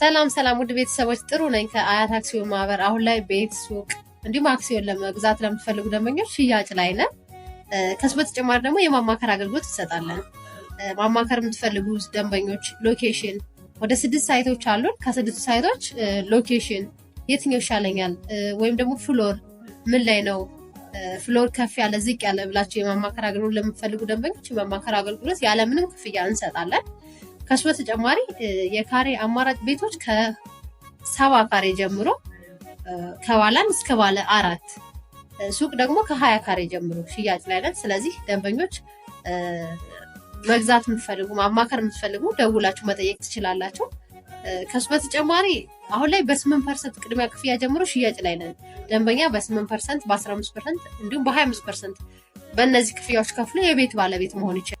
ሰላም ሰላም፣ ውድ ቤተሰቦች ጥሩ ነኝ ከአያት አክሲዮን ማህበር። አሁን ላይ ቤት፣ ሱቅ እንዲሁም አክሲዮን ለመግዛት ለምትፈልጉ ደንበኞች ሽያጭ ላይ ነን። ከሱ በተጨማሪ ደግሞ የማማከር አገልግሎት እንሰጣለን። ማማከር የምትፈልጉ ደንበኞች ሎኬሽን ወደ ስድስት ሳይቶች አሉን። ከስድስቱ ሳይቶች ሎኬሽን የትኛው ይሻለኛል ወይም ደግሞ ፍሎር ምን ላይ ነው ፍሎር ከፍ ያለ ዝቅ ያለ ብላቸው የማማከር አገልግሎት ለምትፈልጉ ደንበኞች የማማከር አገልግሎት ያለምንም ክፍያ እንሰጣለን። ከሱ በተጨማሪ የካሬ አማራጭ ቤቶች ከሰባ ካሬ ጀምሮ ከባላን እስከ ባለ አራት ሱቅ ደግሞ ከሀያ ካሬ ጀምሮ ሽያጭ ላይ ነን። ስለዚህ ደንበኞች መግዛት የምትፈልጉ ማማከር የምትፈልጉ ደውላችሁ መጠየቅ ትችላላችሁ። ከሱ በተጨማሪ አሁን ላይ በስምንት ፐርሰንት ቅድሚያ ክፍያ ጀምሮ ሽያጭ ላይ ነን። ደንበኛ በስምንት ፐርሰንት በአስራ አምስት ፐርሰንት እንዲሁም በሀያ አምስት ፐርሰንት በእነዚህ ክፍያዎች ከፍሎ የቤት ባለቤት መሆን ይችላል።